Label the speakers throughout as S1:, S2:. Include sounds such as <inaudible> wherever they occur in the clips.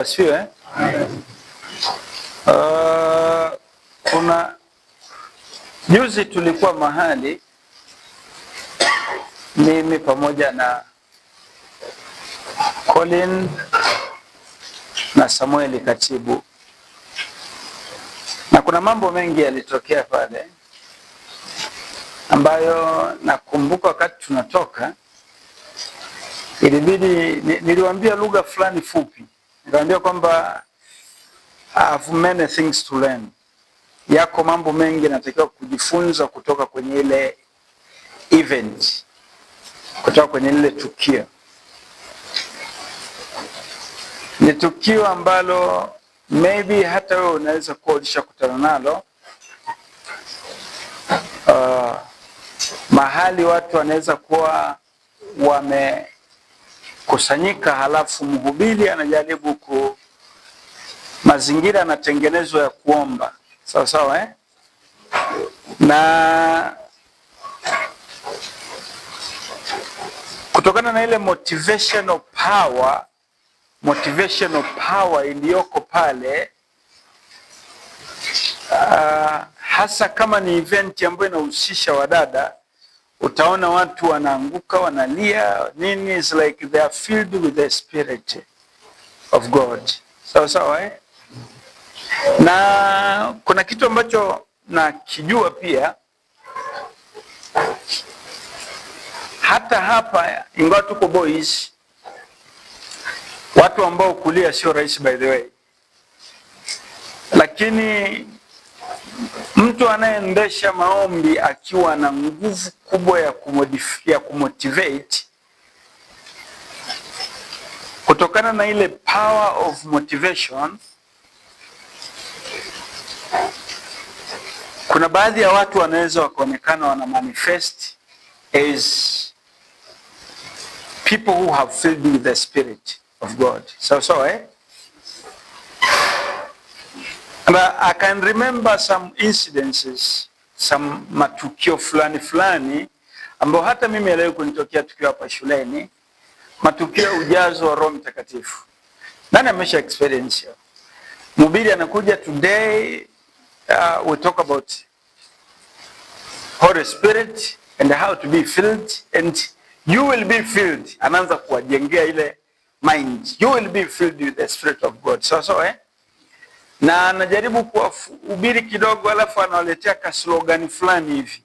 S1: Asiwe eh? ah. uh, kuna juzi tulikuwa mahali mimi pamoja na Colin na Samueli Katibu, na kuna mambo mengi yalitokea pale ambayo nakumbuka wakati tunatoka ilibidi niliwaambia lugha fulani fupi Nikaambia kwamba have ah, many things to learn, yako mambo mengi natakiwa kujifunza kutoka kwenye ile event, kutoka kwenye lile tukio. Ni tukio ambalo maybe hata wewe unaweza kuwa ulishakutana nalo uh, mahali watu wanaweza kuwa wame kusanyika, halafu mhubiri anajaribu ku mazingira yanatengenezwa ya kuomba sawa sawa, eh? na kutokana na ile motivational power, motivational power iliyoko pale uh, hasa kama ni event ambayo inahusisha wadada utaona watu wanaanguka wanalia nini, is like they are filled with the spirit of God, sawa sawa eh? Na kuna kitu ambacho nakijua pia hata hapa, ingawa tuko boys, watu ambao kulia sio rahisi by the way, lakini Mtu anayeendesha maombi akiwa na nguvu kubwa ya kumodify, ya kumotivate kutokana na ile power of motivation. Kuna baadhi ya watu wanaweza wakaonekana wana manifest as people who have filled with the spirit of God, sawa sawa, eh? But I can remember some incidences, some matukio fulani fulani ambayo hata mimi leo kunitokea tukio hapa shuleni, matukio ya ujazo wa Roho Mtakatifu. Nani amesha experience hiyo? Mhubiri anakuja today, uh, we talk about Holy Spirit and how to be filled and you will be filled. Anaanza kuwajengea ile mind. You will be filled with the Spirit of God. So, so, eh? na anajaribu kuwahubiri kidogo, alafu anawaletea kaslogani fulani hivi,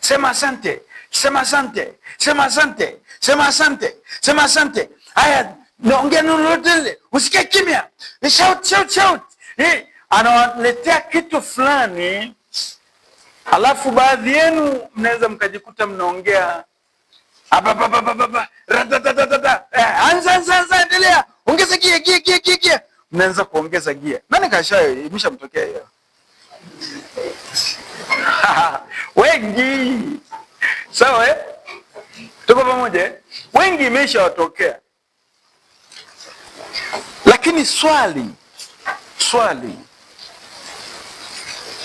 S1: sema asante, sema asante, sema asante, sema asante, sema asante. Haya, naongea neno lolote lile, usikie kimya, shout, shout, shout. Eh, anawaletea kitu fulani, alafu baadhi yenu mnaweza mkajikuta mnaongea anza, anza, anza, endelea, ongeza gia, gia, gia, gia mnaanza kuongeza gia. Nani kasha imeshamtokea hiyo? <laughs> wengi sawa, eh? Tuko pamoja eh? Wengi imeshawatokea, lakini swali swali,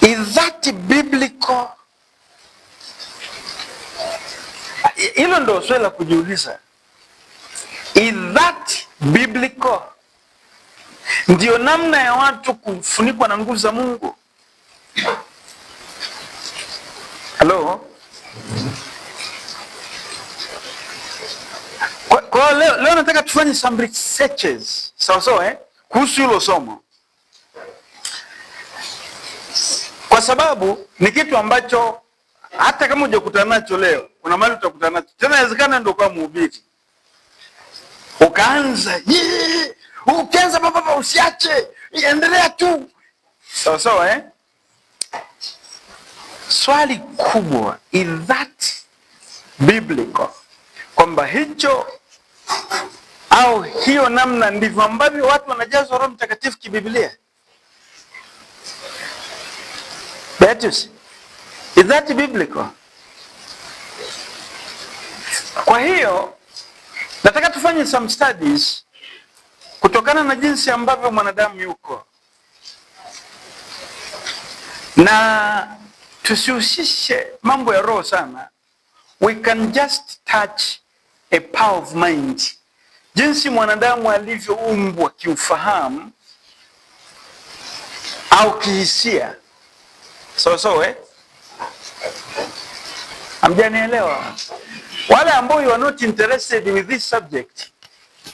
S1: is that biblical? Hilo ndio swali la kujiuliza, is that biblical? ndio namna ya watu kufunikwa na nguvu za Mungu. Halo. Kwa, kwa leo, leo nataka tufanye some researches sawa sawa eh, kuhusu hilo somo, kwa sababu ni kitu ambacho hata kama hujakutana nacho leo, kuna mahali utakutana nacho tena. Inawezekana ndio kwa mhubiri ukaanza Ukianza baba, baba, usiache, endelea tu sawa sawa, eh? Swali kubwa is that biblical, kwamba hicho au hiyo namna ndivyo ambavyo watu wanajazwa Roho Mtakatifu kibiblia? Betus, is that biblical? Kwa hiyo nataka tufanye some studies kutokana na jinsi ambavyo mwanadamu yuko, na tusihusishe mambo ya roho sana. We can just touch a power of mind, jinsi mwanadamu alivyoumbwa kiufahamu au kihisia, sawa sawa eh? Amjanielewa wale ambao you are not interested with this subject,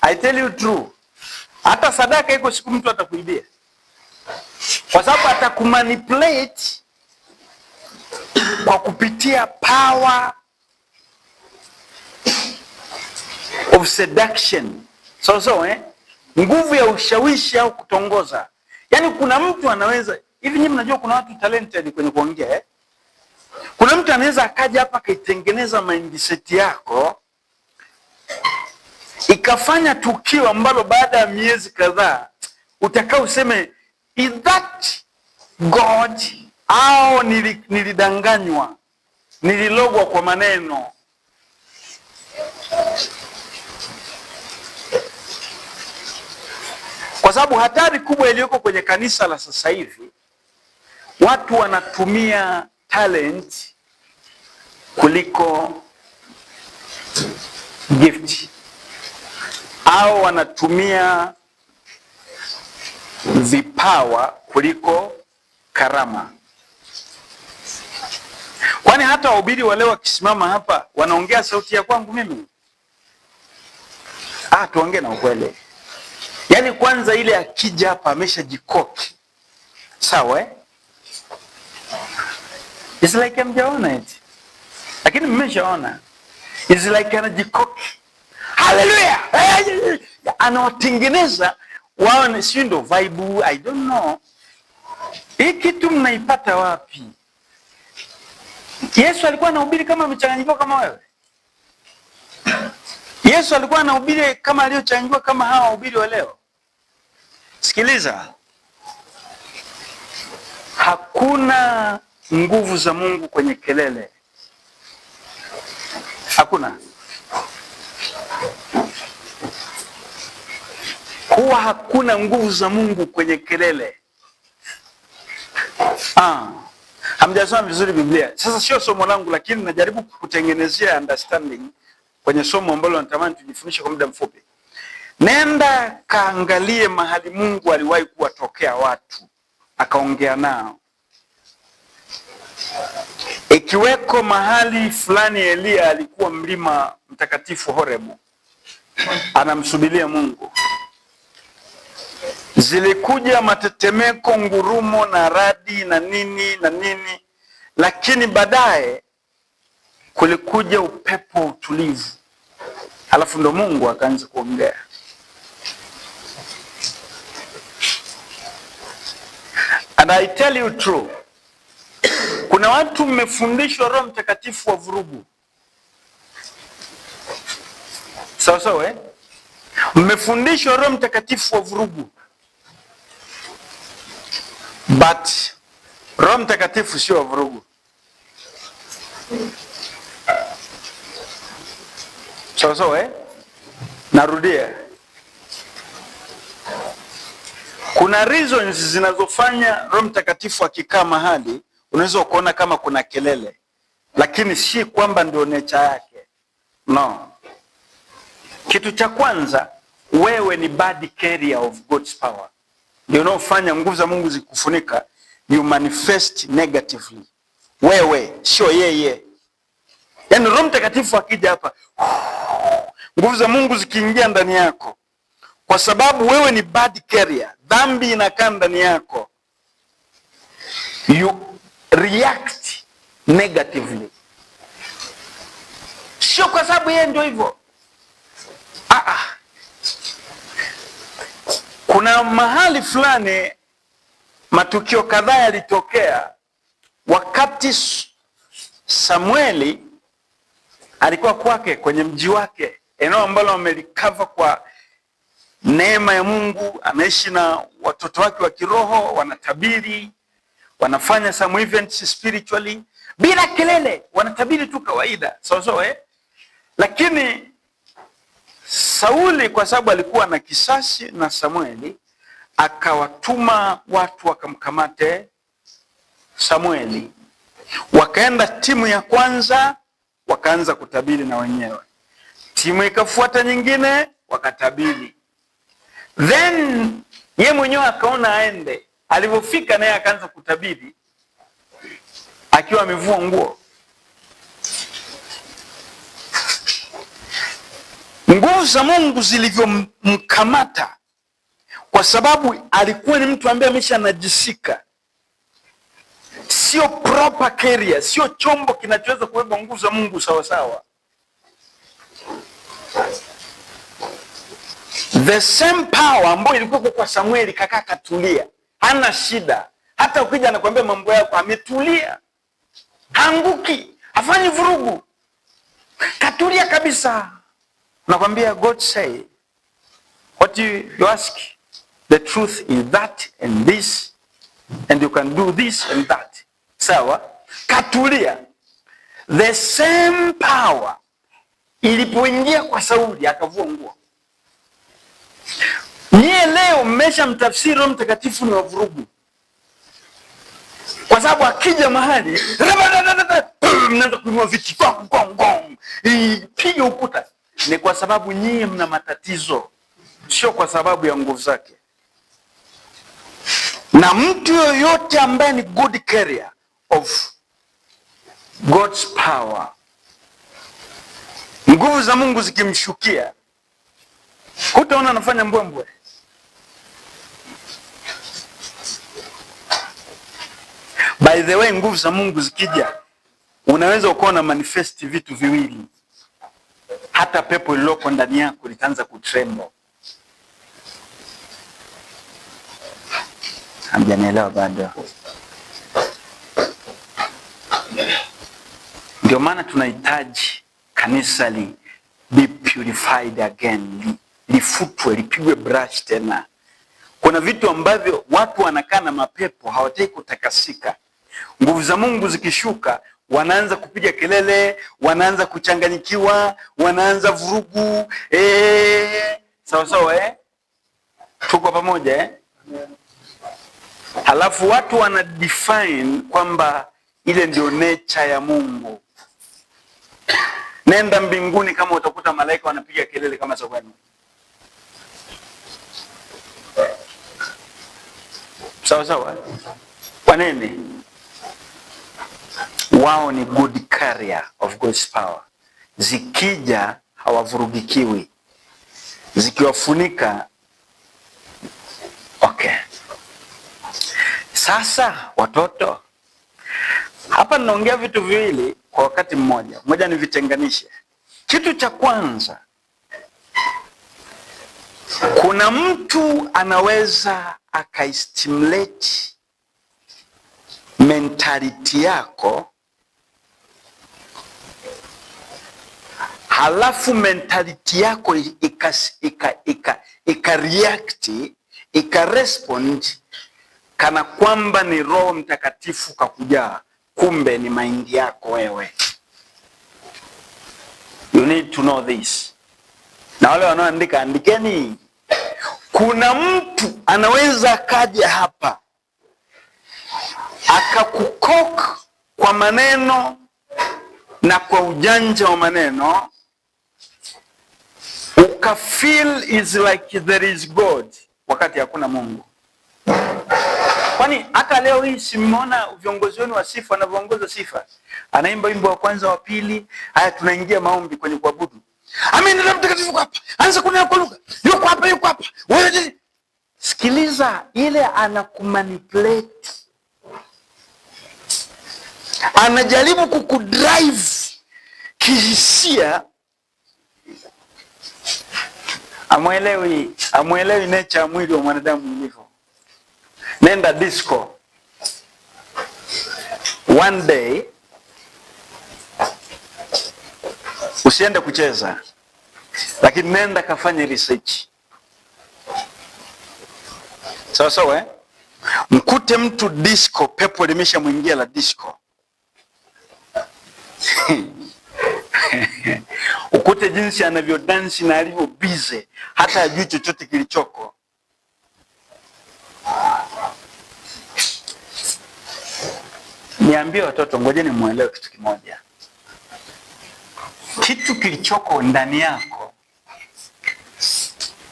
S1: I tell you true hata sadaka iko siku mtu atakuibia, kwa sababu atakumanipulate kwa kupitia power of seduction, so so eh, nguvu ya ushawishi au kutongoza. Yaani kuna mtu anaweza hivi, nyinyi mnajua kuna watu talented kwenye kuongea eh? Kuna mtu anaweza akaja hapa akaitengeneza mindset yako ikafanya tukio ambalo baada ya miezi kadhaa utakao useme is that God au nilidanganywa, nililogwa kwa maneno. Kwa sababu hatari kubwa iliyoko kwenye kanisa la sasa hivi, watu wanatumia talent kuliko gift au wanatumia vipawa kuliko karama. Kwani hata wahubiri wale wakisimama hapa wanaongea sauti ya kwangu mimi? Ah, tuongee na ukweli. Yaani kwanza ile akija hapa ameshajikoki sawa, eh? It's like amjaona eti, lakini mmeshaona, it's like anajikoki Haleluya, anawatengeneza wao ni sio ndo vibe, I don't know. Hii kitu mnaipata wapi? Yesu alikuwa anahubiri kama amechanganyikiwa kama wewe? Yesu alikuwa anahubiri kama aliyochanganyikiwa kama hawa wahubiri wa leo? Sikiliza, hakuna nguvu za Mungu kwenye kelele, hakuna huwa hakuna nguvu za Mungu kwenye kelele. Ah, hamjasoma vizuri Biblia. Sasa sio somo langu, lakini najaribu kukutengenezea understanding kwenye somo ambalo natamani tujifundishe kwa muda mfupi. Nenda kaangalie mahali Mungu aliwahi kuwatokea watu akaongea nao, ikiweko mahali fulani Eliya alikuwa mlima mtakatifu Horebu, anamsubiria Mungu. Zilikuja matetemeko, ngurumo na radi na nini na nini, lakini baadaye kulikuja upepo utulivu, alafu ndo Mungu akaanza kuongea. And I tell you true, kuna watu mmefundishwa Roho Mtakatifu wa vurugu, sawa sawa eh? Mmefundishwa Roho Mtakatifu wa vurugu But Roho Mtakatifu sio vurugu. So, so, eh? Narudia, kuna reasons zinazofanya Roho Mtakatifu akikaa mahali unaweza kuona kama kuna kelele, lakini si kwamba ndio necha yake, no. Kitu cha kwanza, wewe ni body carrier of God's power ndio unaofanya nguvu za Mungu zikufunika, you manifest negatively. Wewe sio yeye. Yaani Roho Mtakatifu akija hapa, nguvu za Mungu zikiingia ndani yako, kwa sababu wewe ni bad carrier, dhambi inakaa ndani yako, you react negatively, sio kwa sababu yeye ndio hivyo Kuna mahali fulani matukio kadhaa yalitokea wakati Samueli alikuwa kwake kwenye mji wake, eneo ambalo amelikava kwa neema ya Mungu. Anaishi na watoto wake wa kiroho, wanatabiri, wanafanya some events spiritually bila kelele, wanatabiri tu kawaida, sawa sawa eh? Lakini Sauli kwa sababu alikuwa na kisasi na Samueli, akawatuma watu wakamkamate Samueli. Wakaenda timu ya kwanza, wakaanza kutabiri na wenyewe. Timu ikafuata nyingine, wakatabiri. Then ye mwenyewe akaona aende, alivyofika naye akaanza kutabiri akiwa amevua nguo Nguvu za Mungu zilivyomkamata, kwa sababu alikuwa ni mtu ambaye amesha najisika, sio proper carrier, sio chombo kinachoweza kubeba nguvu za Mungu sawasawa. The same power ambayo ilikuwa kwa Samueli, kakaa katulia, hana shida. Hata ukija anakuambia mambo yako, ametulia, haanguki, hafanyi vurugu, katulia kabisa. Nakwambia God say what you, you ask the truth is that and this and you can do this and that. Sawa, katulia. The same power ilipoingia kwa Sauli akavua nguo. Nyie leo mmesha mtafsiri Roho Mtakatifu na wavurugu kwa sababu akija mahali <clears throat> mnaanza kuinua viti, piga ukuta ni kwa sababu nyinyi mna matatizo, sio kwa sababu ya nguvu zake. Na mtu yoyote ambaye ni good carrier of God's power, nguvu za Mungu zikimshukia, hutaona anafanya mbwembwe. By the way, nguvu za Mungu zikija, unaweza ukawa na manifesti vitu viwili hata pepo iliyoko ndani yako litaanza kutremo. Hamjanielewa bado? Ndio maana tunahitaji kanisa li be purified again, li, lifutwe lipigwe brush tena. Kuna vitu ambavyo watu wanakaa na mapepo hawataki kutakasika. Nguvu za Mungu zikishuka wanaanza kupiga kelele, wanaanza kuchanganyikiwa, wanaanza vurugu. Eh, sawa sawa, eh, tuko pamoja eh? Halafu watu wana define kwamba ile ndio nature ya Mungu. Nenda mbinguni, kama utakuta malaika wanapiga kelele kama za kwenu, sawa sawa, eh? nini? wao ni good carrier of God's power. Zikija hawavurugikiwi, zikiwafunika okay. Sasa watoto, hapa ninaongea vitu viwili kwa wakati mmoja, moja nivitenganishe. Kitu cha kwanza, kuna mtu anaweza akaistimulate mentality yako halafu mentality yako ikareact ikarespond kana kwamba ni Roho Mtakatifu kakujaa, kumbe ni maindi yako wewe. You need to know this. Na wale wanaoandika andikeni, kuna mtu anaweza akaja hapa akakukok kwa maneno na kwa ujanja wa maneno uka feel is like there is God wakati hakuna Mungu. Kwani hata leo hii simona viongozi wenu wa sifa wanavyoongoza sifa, anaimba wimbo wa kwanza wa pili, haya tunaingia maombi kwenye kuabudu. Amina, Roho Mtakatifu kwa hapa anza kunena kwa lugha, yuko hapa, yuko hapa. Wewe sikiliza, ile anakumanipulate, anajaribu kukudrive kihisia amwelewi, amwelewi necha ya mwili wa mwanadamu ulivyo. Nenda disco one day, usiende kucheza, lakini nenda kafanye research sawa sawa, eh? Mkute mtu disco, pepo limesha mwingia la disco <laughs> <laughs> ukute jinsi anavyodansi na alivyo bize, hata ajui chochote kilichoko. Niambie watoto, ni muelewe kitu kimoja, kitu kilichoko ndani yako.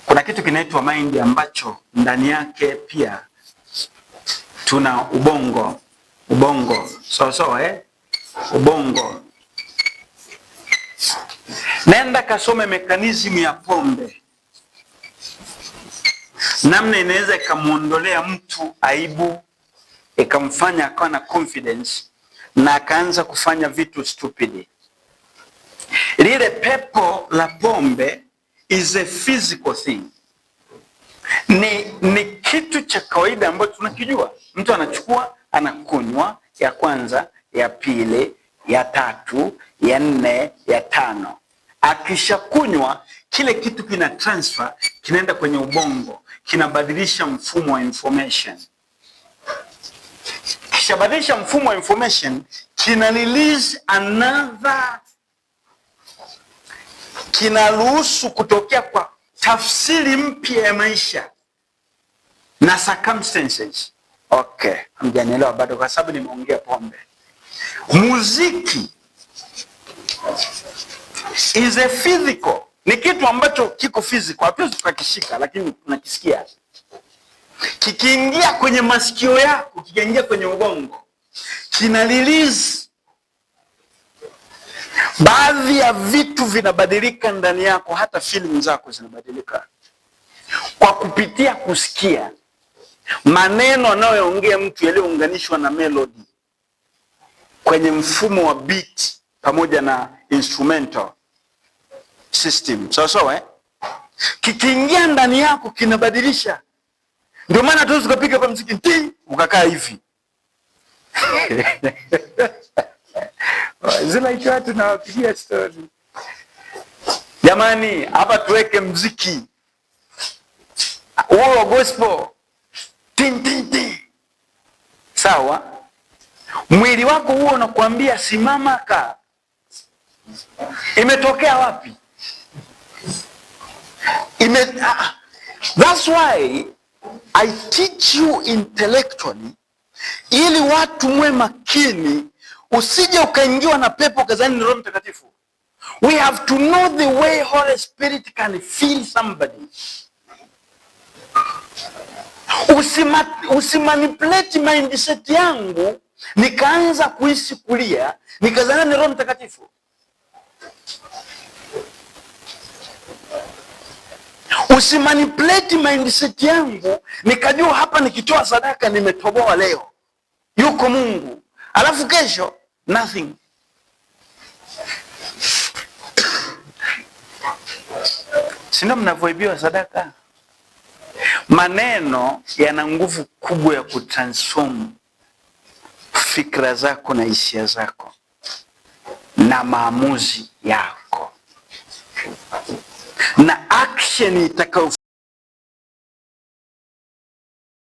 S1: Kuna kitu kinaitwa mind ambacho ndani yake pia tuna ubongo. Ubongo sawa sawa, eh? Ubongo Nenda kasome mekanizimu ya pombe, namna inaweza ikamwondolea mtu aibu, ikamfanya akawa na confidence na akaanza kufanya vitu stupid. Lile pepo la pombe is a physical thing, ni, ni kitu cha kawaida ambacho tunakijua. Mtu anachukua anakunywa, ya kwanza, ya pili, ya tatu, ya nne, ya tano Akishakunywa kile kitu kina transfer, kinaenda kwenye ubongo, kinabadilisha mfumo wa information. Kishabadilisha mfumo wa information, kina release another, kinaruhusu kutokea kwa tafsiri mpya ya maisha na circumstances. Okay, hamjanielewa bado, kwa sababu nimeongea pombe, muziki is a physical, ni kitu ambacho kiko physical, hatuwezi tukakishika, lakini tunakisikia. Kikiingia kwenye masikio yako, kikiingia kwenye ubongo, kina release baadhi ya vitu vinabadilika ndani yako, hata feeling zako zinabadilika kwa kupitia kusikia maneno anayoongea mtu yaliyounganishwa na melody kwenye mfumo wa beat pamoja na instrumental system, So, so, eh? Kikiingia ndani yako kinabadilisha. Ndio maana tu kupiga hapa mziki ti ukakaa hivi <laughs> Zina zinaiki watu na wapigia story. jamani, hapa tuweke mziki Uo wa gospel tin tin tin, sawa. Mwili wako huo unakuambia simama, kaa. Imetokea wapi? Ime, uh, that's why I teach you intellectually ili watu mwe makini, usije ukaingiwa na pepo kazani ni Roho Mtakatifu. We have to know the way Holy Spirit can feel somebody. Usima, usimanipulate mindset yangu nikaanza kuhisi kulia nikazana ni Roho Mtakatifu. usimanipuleti mindset yangu nikajua hapa nikitoa sadaka nimetoboa leo, yuko Mungu, alafu kesho nothing. Sindo mnavyoibiwa sadaka. Maneno yana nguvu kubwa ya kutransform fikra zako na hisia zako na maamuzi yako na action itakayo